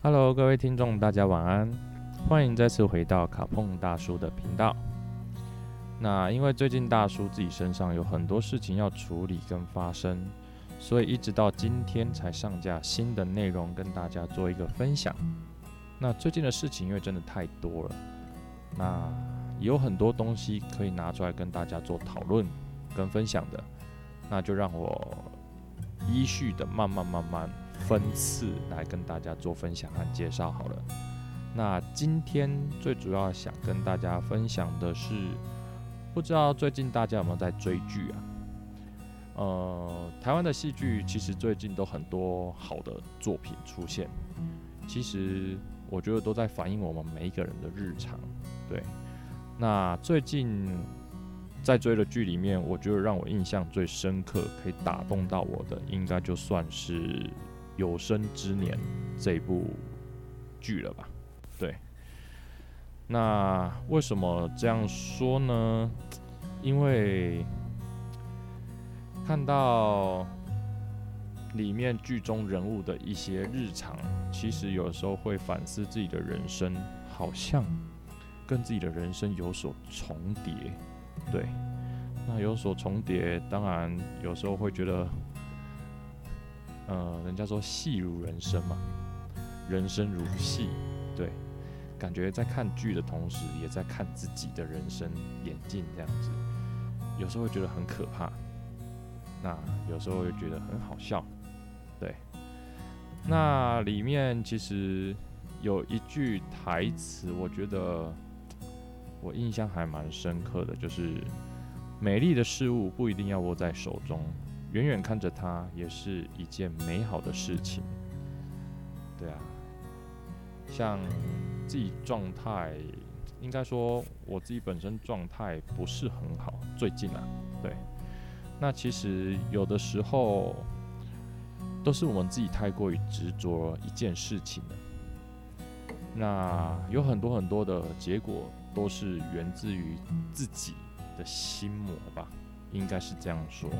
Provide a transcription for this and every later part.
Hello，各位聽眾，大家晚安，歡迎再次回到卡碰大叔的頻道。那因為最近大叔自己身上有很多事情要處理跟發生，所以一直到今天才上架新的內容跟大家做一個分享。那最近的事情因為真的太多了，那有很多東西可以拿出來跟大家做討論跟分享的，那就讓我依序的慢慢慢慢。分次來跟大家做分享和介紹好了。那今天最主要想跟大家分享的是，不知道最近大家有沒有在追劇啊？呃，台灣的戲劇其實最近都很多好的作品出現，其實我覺得都在反映我們每一個人的日常。對，那最近在追的劇裡面，我覺得讓我印象最深刻、可以打動到我的，應該就算是。有生之年這一部劇了吧？對，那為什麼這樣說呢？因為看到裡面劇中人物的一些日常，其實有時候會反思自己的人生，好像跟自己的人生有所重疊。對，那有所重疊，當然有時候會覺得。嗯、呃，人家說戲如人生嘛，人生如戲，對，感覺在看劇的同時，也在看自己的人生演進這樣子，有時候會覺得很可怕，那有時候又覺得很好笑，對。那裡面其實有一句台詞，我覺得我印象還蠻深刻的，就是美麗的事物不一定要握在手中。遠遠看着它，也是一件美好的事情。對啊，像自己狀態，應該說我自己本身狀態不是很好，最近啊，對。那其實有的時候，都是我們自己太過於執着一件事情了。那有很多很多的結果，都是源自於自己的心魔吧，應該是這樣說。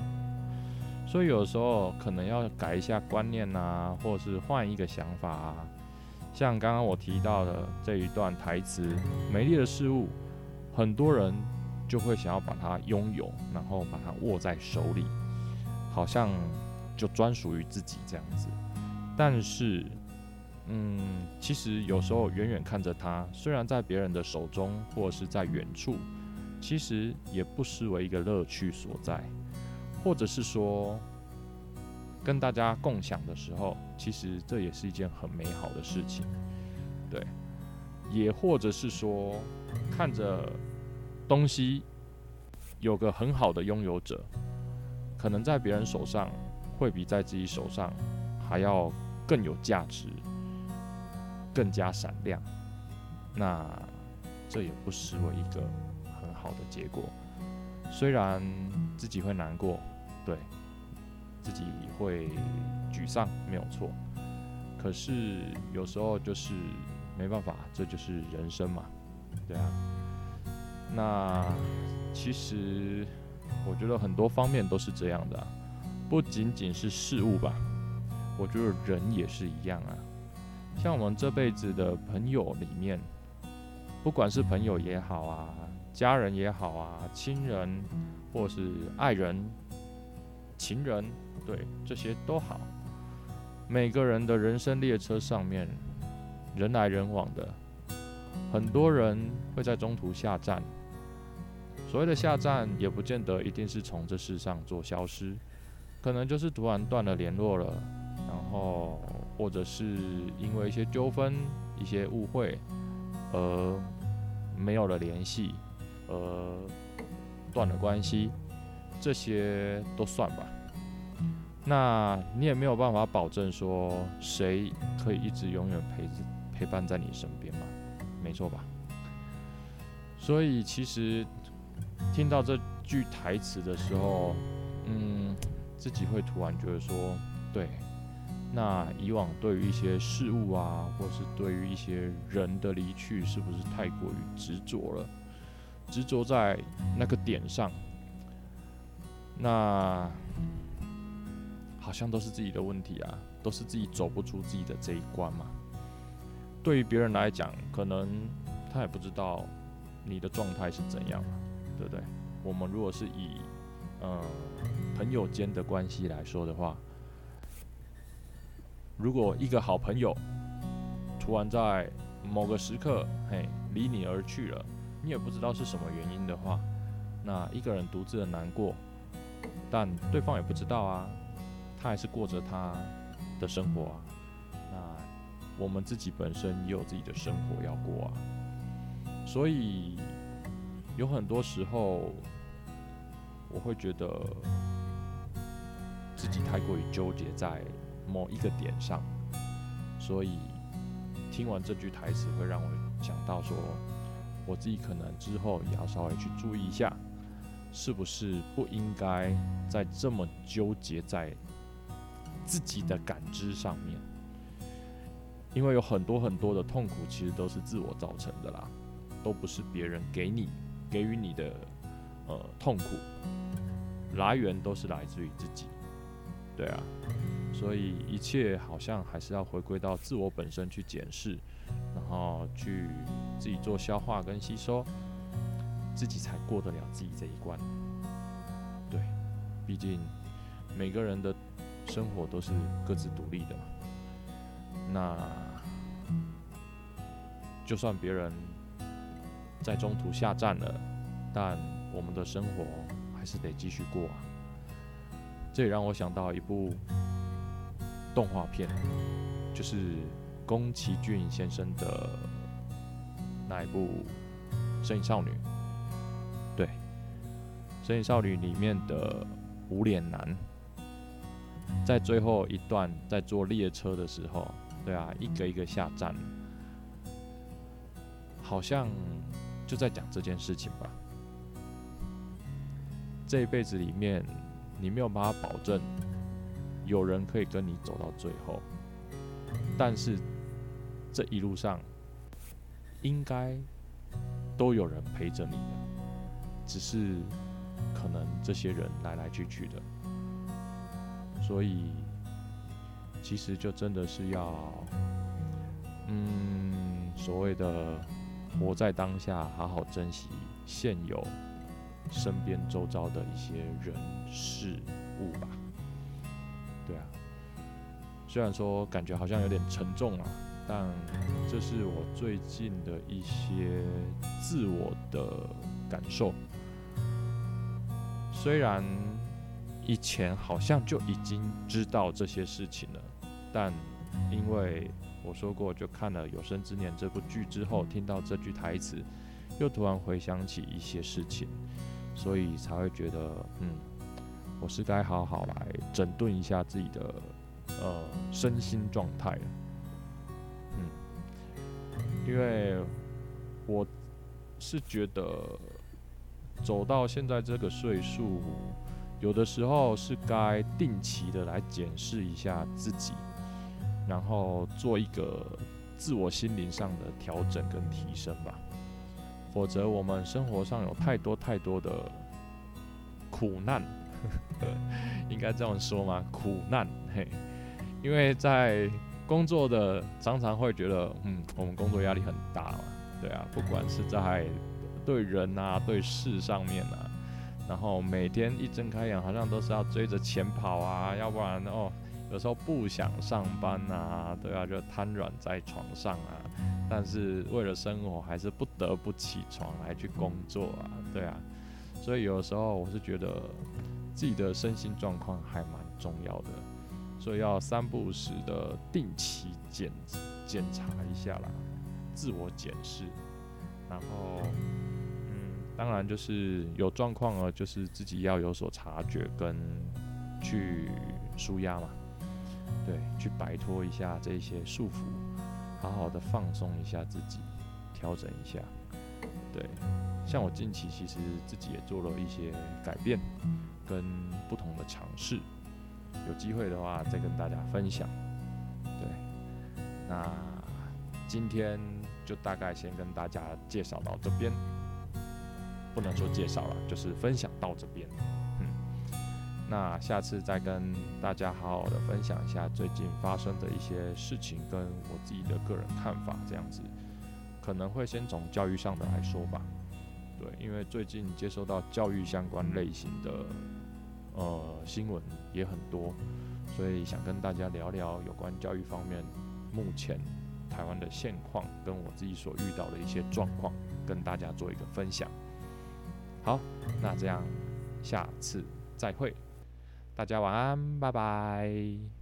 所以有時候可能要改一下觀念啊，或者是換一個想法啊。像剛剛我提到的這一段台詞，美麗的事物，很多人就會想要把它擁有，然後把它握在手裡，好像就專屬於自己這樣子。但是，嗯，其實有時候遠遠看着它，雖然在別人的手中或是在遠處，其實也不失為一個樂趣所在。或者是說，跟大家共享的時候，其實這也是一件很美好的事情，對。也或者是說，看着東西有個很好的擁有者，可能在別人手上會比在自己手上還要更有價值，更加閃亮。那這也不失為一個很好的結果，雖然自己會難過。對，自己會沮喪，沒有錯。可是有時候就是沒辦法，這就是人生嘛，對啊。那其實我覺得很多方面都是這樣的啊，不僅僅是事物吧，我覺得人也是一樣啊。像我們這輩子的朋友裡面，不管是朋友也好啊，家人也好啊，親人或是愛人。情人，對這些都好。每個人的人生列車上面，人來人往的，很多人會在中途下站。所謂的下站，也不見得一定是從這世上做消失，可能就是突然斷了聯絡了，然後或者是因為一些糾紛、一些誤會而、呃、沒有了聯繫，而、呃、斷了關係。這些都算吧，那你也沒有辦法保證說誰可以一直永遠陪着陪伴在你身邊嗎？沒錯吧？所以其實聽到這句台詞的時候，嗯，自己會突然覺得說，對，那以往對於一些事物啊，或是對於一些人的離去，是不是太過於執着了？執着在那個點上。那好像都是自己的問題啊，都是自己走不出自己的這一關嘛。對於別人來講，可能他也不知道你的狀態是怎樣嘛，對不對？我們如果是以嗯、呃、朋友間的關係來說的話，如果一個好朋友突然在某個時刻嘿離你而去了，你也不知道是什麼原因的話，那一個人獨自的難過。但對方也不知道啊，他還是過着他的生活啊。那我們自己本身也有自己的生活要過啊。所以有很多時候，我會覺得自己太過於糾結在某一個點上。所以聽完這句台詞，會讓我想到說，我自己可能之後也要稍微去注意一下。是不是不應該再這麼糾結在自己的感知上面？因為有很多很多的痛苦，其實都是自我造成的啦，都不是別人給你給予你的呃痛苦，來源都是來自於自己，對啊，所以一切好像還是要回歸到自我本身去檢視，然後去自己做消化跟吸收。自己才過得了自己這一關，對，畢竟每個人的生活都是各自獨立的嘛。那就算別人在中途下站了，但我們的生活還是得繼續過啊。這也讓我想到一部動畫片，就是宮崎駿先生的那一部《神隱少女》。神隱少女》裡面的無臉男，在最後一段在坐列車的時候，對啊，一個一個下站，好像就在講這件事情吧。這一輩子裡面，你沒有辦法保證有人可以跟你走到最後，但是這一路上應該都有人陪着你的，只是。可能這些人來來去去的，所以其實就真的是要，嗯，所謂的活在當下，好好珍惜現有身邊周遭的一些人事物吧。對啊，雖然說感覺好像有點沉重啊，但這是我最近的一些自我的感受。雖然以前好像就已經知道這些事情了，但因為我說過，就看了《有生之年》這部劇之後，聽到這句台詞，又突然回想起一些事情，所以才會覺得，嗯，我是該好好來整頓一下自己的呃身心狀態了。嗯，因為我是覺得。走到現在這個歲數，有的時候是該定期的來檢視一下自己，然後做一個自我心靈上的調整跟提升吧。否則，我們生活上有太多太多的苦難，呵呵，應該這樣說嗎？苦難嘿，因為在工作的常常會覺得，嗯，我們工作壓力很大嘛，對啊，不管是在。對人啊，對事上面啊，然後每天一睜開眼，好像都是要追着錢跑啊，要不然哦，有時候不想上班啊，對啊，就癱軟在床上啊，但是為了生活，還是不得不起床來去工作啊，對啊，所以有時候我是覺得自己的身心狀況還蠻重要的，所以要三不五時的定期檢檢查一下啦，自我檢視，然後。當然，就是有狀況了，就是自己要有所察覺，跟去舒壓嘛，對，去擺脫一下這些束縛，好好的放鬆一下自己，調整一下，對。像我近期其實自己也做了一些改變，跟不同的嘗試，有機會的話再跟大家分享。對，那今天就大概先跟大家介紹到這邊。不能說介紹了，就是分享到這邊。嗯，那下次再跟大家好好的分享一下最近發生的一些事情，跟我自己的個人看法。這樣子可能會先從教育上的來說吧。對，因為最近接收到教育相關類型的呃新聞也很多，所以想跟大家聊聊有關教育方面目前台灣的現況，跟我自己所遇到的一些狀況，跟大家做一個分享。好，那這樣下次再會，大家晚安，拜拜。